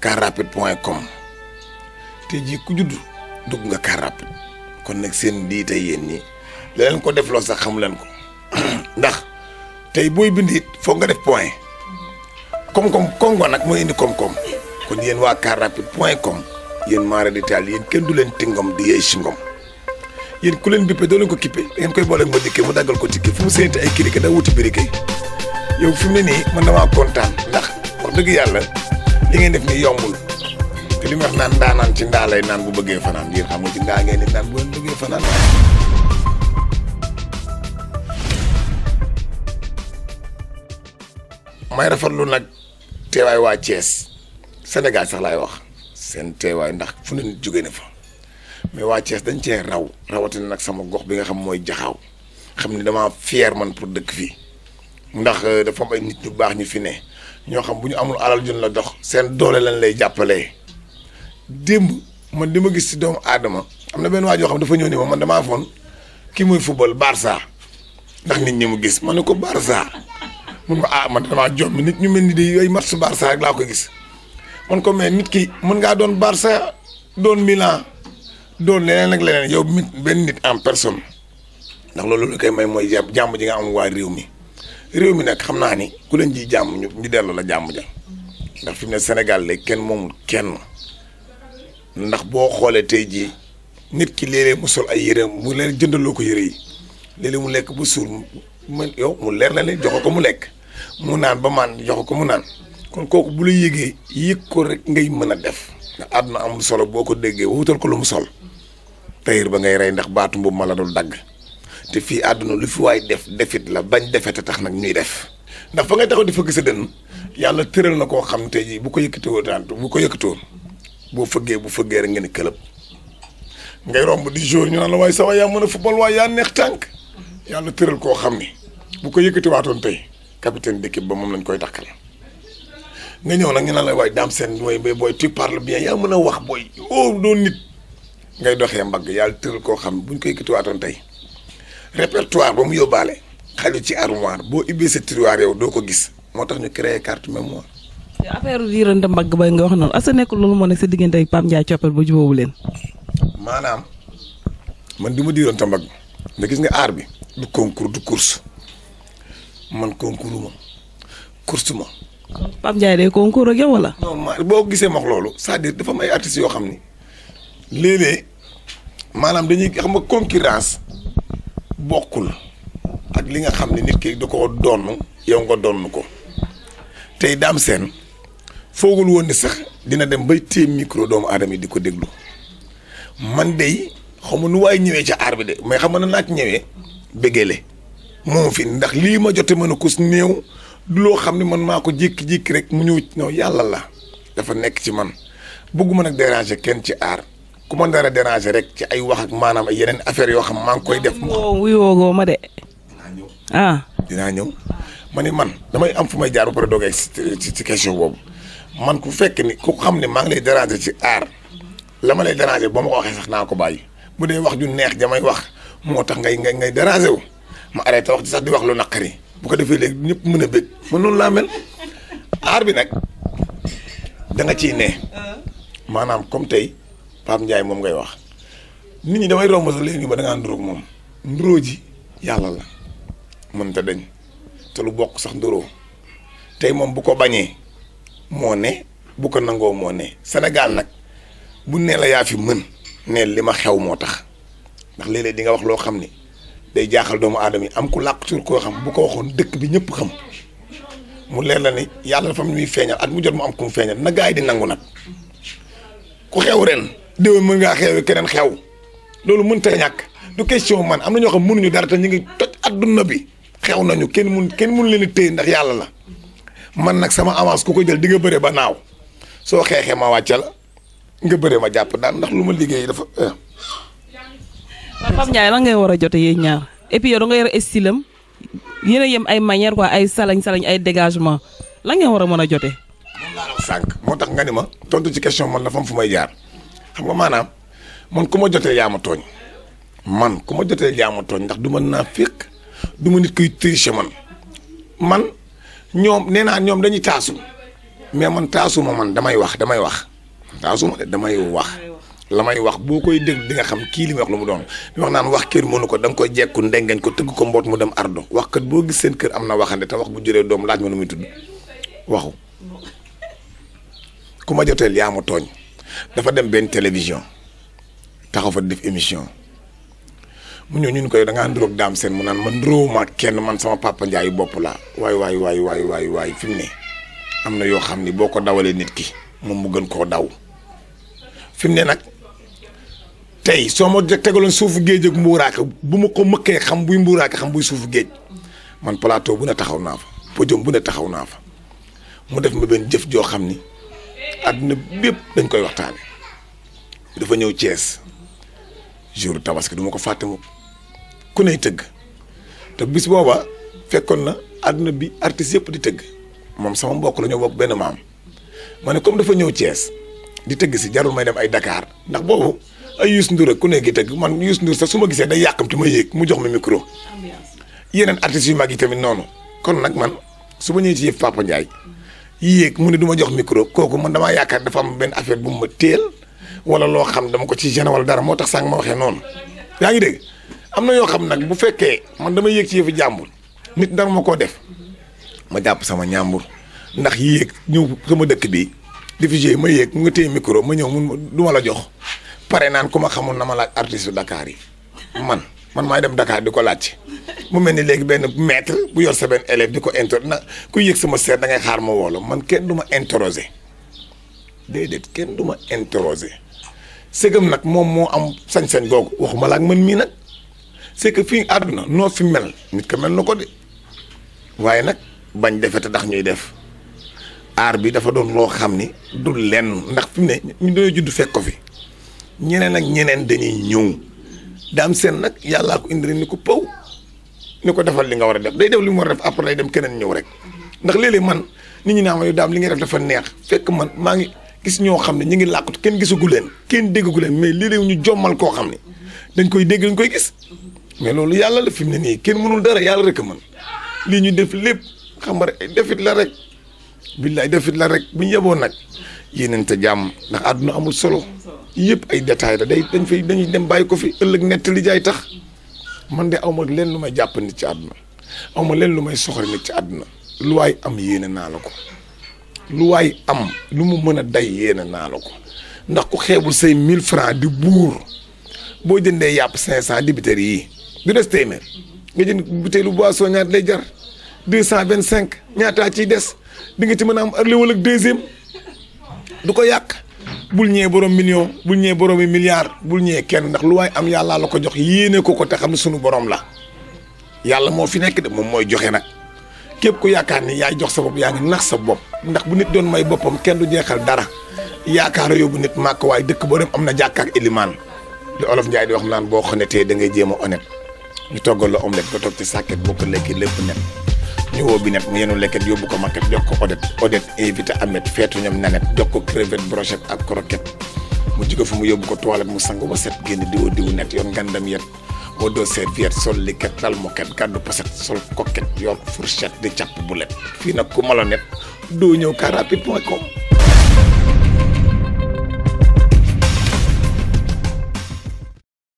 carrapide poin com te jii ku judd dugg nga carrapide kon nag seen dii tey yéen ñi la ko defloo sax xamu leen ko ndax tey booy bind it foog nga def point koom kom kongo nag moo indi koom-koom kon yéen waa carrapide point com yéen maara di taal yéen kenn du leen tingom di yeey si ngom yéen ku leen bippe doo ko kippe ngeen koy boole ma dikkee mu daggal ko tikke fu mu seenti ay kirike da wuti birike yow fu mu ne na man damaa kontaan ndax wax dëgg yàlla li ngeen def ni yombul te li mu wax naan ndaanaan ci ndaa lay naan bu bëggee fanaan yéen xam nga ci ndaa ngeen di naan bu leen bëggee fanaan. may rafetlu nag teewaay waa cees Sénégal sax laay wax seen teewaay ndax fu ne nit jóge na fa mais waa Thiès dañ cee raw rawatina nag sama gox bi nga xam mooy jaxaw xam ni damaa fier man pour dëkk fii ndax euh, dafa am nit ñu baax ñu fi ne. ñoo xam bu ñu amul alal jun la dox seen doole lañ lay jàppalee démb man li ma gis si doomu aadama am na benn waa joo xam dafa ñëw ni ma man damaa foon kii muy football Barça ndax nit ñi mu gis ma ne ko Barça mun ma ah man jot jommi nit ñu mel ni day ay match Barça rek laa koy gis man ko mais nit ki mën ngaa doon barsa doon Milan doon leneen ak leneen yow mit benn nit en personne ndax loolu lu koy may mooy jàmm ji nga am waa réew mi. réew mi nekk xam naa ni ku leen ji jàmm ñu ñu dellu la jàmm ja ndax fi mu ne Sénégal léegi kenn moomul kenn ndax boo xoolee tey jii nit ki léeg mu sol ay yére mu leer jëndaloo ko yére yi léeg mu lekk bu suur mu yow mu leer la ne jox ko mu lekk mu naan ba maan jox ko mu naan kon kooku bu la yëgee yëg ko rek ngay mën a def. ndax àdduna amul solo boo ko déggee wutal ko lu mu sol. tayir ba ngay rey ndax baatu mbubb ma la dul dagg. te fii àdduna lu fi waay def defit la bañ defete tax nag ñuy def ndax fa ngay taxaw di fa gëse den yàlla tëral na koo xam tey jii bu ko yëkkatoo tant bu ko yëkkatoo boo fëggee bu fëggee rek ngeen këlëb ngay romb di jour ñu naan la waaye sa waay yaa mën a football waaye yaa neex tànk yàlla tëral koo xam ni bu ko yëkkatiwaatoon tey capitaine d'équipe ba moom lañ koy takkal nga ñëw nag ñu naan la waaye daam seen mooy booy tu parles bien yaa mën a wax booy oh doo nit ngay doxee mbagg yàlla tëral koo xam buñ ko yëkkatiwaatoon tey répertoire ba mu yóbbaale xaju ci armoire boo ubbee sa tiroir yow doo ko gis moo tax ñu créé carte mémoire. affaire diirante mbagg bay nga wax noonu asa nekkul loolu moo nekk sa diggante ak Pape Ndiaye coppal ba jubóobu leen. maanaam man du ma diirante mbagg nga gis nga aar bi du concours du course man concours ma course ma. Pape Ndiaye day concours ak yow boo gisee ma loolu c'est-à-dire dafa am ay yoo xam ni léeg-léeg maanaam dañuy xam nga concurrence bokkul ak li nga xam ne nit ki da ko donn yow nga donn ko tey daam seen foogul woon ni sax dina dem bay téye micro doomu aadama yi di ko déglu man dey xamu nu waaye ñëwee ci aar bi de mais xam na naaj ñëwee bëggele moom fii ndax lii ma jote mën a kus néew du loo xam ne man maa ko jékki-jékki rek mu ñëw non yàlla la dafa nekk ci man bëgguma nag déranger kenn ci aar ku man dara a déranger rek ci ay wax ak maanaam ay yeneen affaire yoo xam maa ngi koy def. wuy woogoo ma de. ah. dinaa ñëw ma ni man damay am fu may jaar ba pare doog ci ci question boobu man ku fekk ni ku xam ne maa ngi lay déranger ci aar la ma lay déranger boo ma ko waxee sax naa ko bàyyi bu dee wax ju neex jamay wax moo tax ngay ngay ngay déranger wu ma arrêté wax ci sax di wax lu naqari bu ko defee léegi ñëpp mën a bëgg man noonu laa mel aar bi nag danga ci ciy ne ah. maanaam comme tey. Pape Ndiaye moom ngay wax nit ñi damay romb sax léegi ba da ngaa nduróog moom nduróo ji yàlla la mënta dañ te lu bokk sax nduróo tey moom bu ko bañee moo ne bu ko nangoo moo ne Sénégal nag bu nee la yaa fi mën ne li ma xew moo tax ndax léeg-léeg di nga wax loo xam ni day jaaxal doomu aadama yi am ku làq tur koo xam bu ko waxoon dëkk bi ñëpp xam mu leer la ni yàlla dafa am ñuy feeñal at mu jot mu am ku mu feeñal na gaa yi di nangu nag ku xew ren déwén mën ngaa xew keneen xew loolu mën te ñàkk du question man am na ñoo xam mënuñu dara te ñu ngi toj adduna bi xew nañu kenn mun kenn mun leen a téye ndax yàlla la man nag sama avance ku ko jël di nga bëre ba naaw soo xeexee ma wàcce la nga bëre ma jàpp daan ndax lu ma liggéey dafa. Eh. waaw Pape Ndiaye lan ngay war a jotee yéen ñaar et puis yow nga yor style am yéen a ay manière waa ay salañ salañ ay dégagement la ngay war a mën a jotee. laa sànq moo tax nga ni ma tontu ci question man la fam fu may jaar. xam nga maanaam man ku ma jotee yaa ma tooñ man ku ma jotee yaa ma tooñ ndax du ma naa fekk du ma nit kuy tricher man man ñoom nee naa ñoom dañuy taasu mais man taasu taasuma man damay wax damay wax taasuma de damay wax la may wax boo koy dégg di nga xam kii li may wax lu mu doon li wax naan wax kër mënu ko da nga jekku ndengeñ ko tëgg ko mboot mu dem ardo wax kat boo gis seen kër am na waxande te wax bu juree doom laaj ma nu muy tudd waxu ku ma joteel yaa tooñ dafa dem benn télévision taxaw fa def émission mu ñëw ñun koy da ngaa nduróog daam seen mu naan man nduróowuma kenn man sama papa Ndiaye bopp laa waay waay waaye waay waay waay fi mu ne am na yoo xam ni boo ko dawalee nit ki moom mu gën koo daw fi mu ne nag tey soo ma tegaloon suufu géej ak bu ma ko mëkkee xam buy mbuuraaka xam buy suufu géej man plateau bu ne taxaw naa fa podium bu ne taxaw naa fa mu def ma benn jëf joo xam ni àdduna bépp dañ koy waxtaane dafa ñëw Thiès jour tabaski du ma ko fàtte mukk ku ney tëgg te bis booba fekkoon na àdduna bi artiste yëpp di tëgg moom sama mbokk la ñoo bokk benn maam ma comme dafa ñëw di si jarul may dem ay Dakar ndax boobu ay Youssou Ndour ku gi tëgg man Youssou Ndour sa su ma gisee day yàqamti ma yéeg mu jox ma micro yeneen artistes yu mag tamit kon nak man su ma ci Papa yéeg mu ne duma jox micro kooku man damaa yaakaar dafa am benn affaire bu mu ma teel wala loo xam dama ko ci gêné wala dara moo tax sànq ma waxee noonu yaa ngi dégg am na yoo xam nag bu fekkee man dama yéeg ci yëfu nit dara ma koo def ma jàpp sama ñàmbur ndax yéeg ñëw sama dëkk bi diffusé ma yéeg mu nga téye micro ma ñëw mun du ma la jox pare naan ku ma xamul na ma laaj artiste dakaar yi man man maay dem Dakar di ko laaj mu melni legui ben maître bu yor sa ben élève diko inter na ku yek sama harmo da ngay xaar ma wolo man kenn duma ma interroger dedet kenn duma interroger segum nak mom mo am sañ-sañ gog waxuma lak man mi nak c'est que fi aduna no fi mel nit ka mel nako de waye nak bañ defete tax ñuy def ar bi dafa doon lo xamni du len ndax fi ne ñu doy judd fekk ko fi ñeneen ak ñeneen dañuy ñëw sen nak yalla ko ni ko paw ni ko defal li nga war a def day def li mu war a def après day dem keneen ñëw rek ndax léeg man nit ñi naa ma yow daam li nga def dafa neex fekk man maa ngi gis ñoo xam ne ñu ngi làkkut kenn gisagu leen kenn déggagu leen mais léeg ñu jommal koo xam ne dañ koy dégg dañ koy gis mais loolu yàlla la fi mu ne nii kenn mënul dara yàlla rek mën lii ñu def lépp xam nga defit la rek billaay defit la rek bu ñu yeboo nag te jàmm ndax àdduna amul solo yëpp ay détails la day dañ fay dañuy dem bàyyi ko fi ëllëg nettali jaay tax man de aw ma leen lu may jàpp nit ci àdduna aw ma leen lu may soxor nit ci àdduna lu waaye am yéene naa la ko lu waay am lu mu mën a day yéene naa la ko ndax ku xeebul say 1000 francs di buur boo jëndee yàpp 500 di bitéel yii du des téeméer nga jënd butéelu boisson ñaata lay jar 225 ñaataa ciy des di nga ci mën a am ërlé wala deuxième du ko yàq. bul ñëwee borom million bul ñëwee boroomi milliard bul ñëwee kenn ndax lu waay am yàllaa la ko jox yéene ko ko te xam sunu borom la yàlla moo fi nekk de moom mooy joxe nag képp ku yaakaar ni yaay jox sa bopp yaa ngi nax sa bopp ndax bu nit doon may boppam kenn du jeexal dara yaakaar yóbbu nit màkk waaye dëkk boo dem am na jàkkaak ilimaan li olof Njaay di wax naan boo xonetee da ngay jéem a honnête ñu toggal la omelette toog ci sàkket boo ko lekkee lépp nekk ñu woo bi net mu yenu lekket yóbbu ko makket jox ko odet odet invité amet feetu ñoom nanet jox ko crevette ak croquette mu jóge fu mu yóbbu ko toilette mu sangu ba set génn diwo diwu net yoon ngandam yet moo doo serviette sol liket dal moket gàddu poset sol coquette yor fourchette di càpp bulet fii nag ku malonet doo ñëw carapide point com